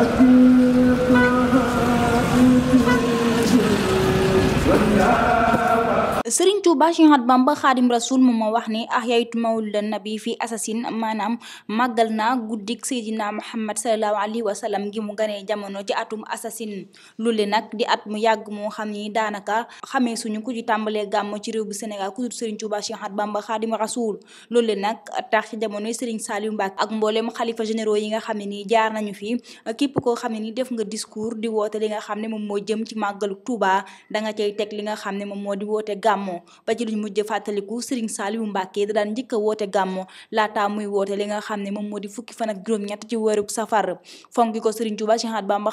Aqui. sëriñ Tuuba Cheikh Ahmadu Bamba Xaadim Rasul moom moo wax ni ahyaytu mawlidan nabi fi asasin maanaam màggal naa guddik Seydina Muhammad sallallahu alayhi wa sallam gi mu ganee jamono ci atum asasin loole nag di at mu yàgg moo xam ni daanaka xamee suñu ku ci tàmbalee gàmmo ci réew bu Sénégal ku dul sëriñ Tuuba Cheikh Ahmadu Bamba Xaadim Rasul loole nag tax ci jamonoy sëriñ Saliou Mbacke ak mbooleem xalifa généraux yi nga xam ne nii jaar nañu fi képp koo xam ni def nga discours di woote li nga xam ne moom moo jëm ci màggalu Tuuba da nga cay teg li nga xam ne moom moo di woote gàmm gàmmoo ba ci luñ mujj fàttaliku Serigne Saliou Mbacké da daan njëkk a woote gàmmoo laataa muy woote li nga xam ne moom moo di fukki fan ak juróom-ñett ci weeru safar fonk ko Serigne Touba Cheikh Ahmadou Bamba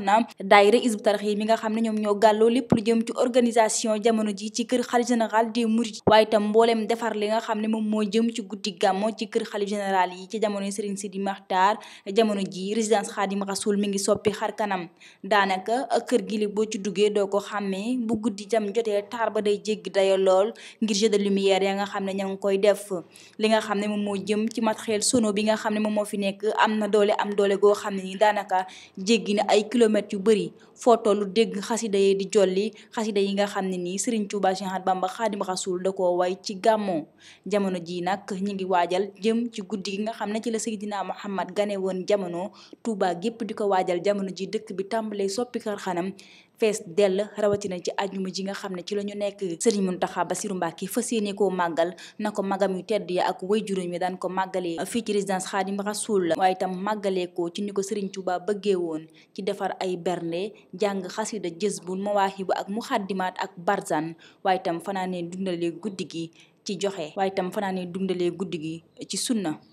na daayira Hizbut Tarqiyyah mi nga xam ne ñoom ñoo ci organisation jamono ji li nga xam ne moom moo jëm ci guddi gàmmo ci kër xalif général yi ci jamono Serigne Sidi Makhtar jamono ji résidence Khadim Rasoul mi ngi soppi xar kanam daanaka kër gi boo ci duggee doo ko xàmmee bu guddi jam jotee taar ba day jéggi dayo lool ngir jeu de lumière ya nga xam ne ña ngi koy def li nga xam ne moom moo jëm ci matériel sono bi nga xam ne moom moo fi nekk am na doole am doole goo xam ne nii daanaka jéggi na ay kilomètres yu bëri foo tollu dégg xasida yi di jolli xasida yi nga xam ne nii Serigne Touba Cheikh Ahmadou Bamba Khadim Rasoul da koo way ci gàmmoo jamono ji nag ñi ngi waajal jëm ci guddi gi nga xam ne ci la Seydina Muhammad gane woon jamono Touba gépp di ko waajal jamono ji dëkk bi tàmbalee soppi xanam fees dell rawatina ci ajuma ji nga xam ne ci la ñu nekk Serigne Mountakha Bassirou Mbacké fas yéene koo màggal na ko magam yu tedd ya ak way juróom yi daan ko màggalee fii ci résidence Khadim Rasoul waaye itam màggalee ko ci ni ko Serigne Touba bëggee woon ci defar ay bernde jàng xasida jëzbul mawaahibu ak muxaddimaat ak barzan waaye itam fanaanee dundalee guddi gi ci joxe waaye itam fanaanee dundalee guddi gi ci sunna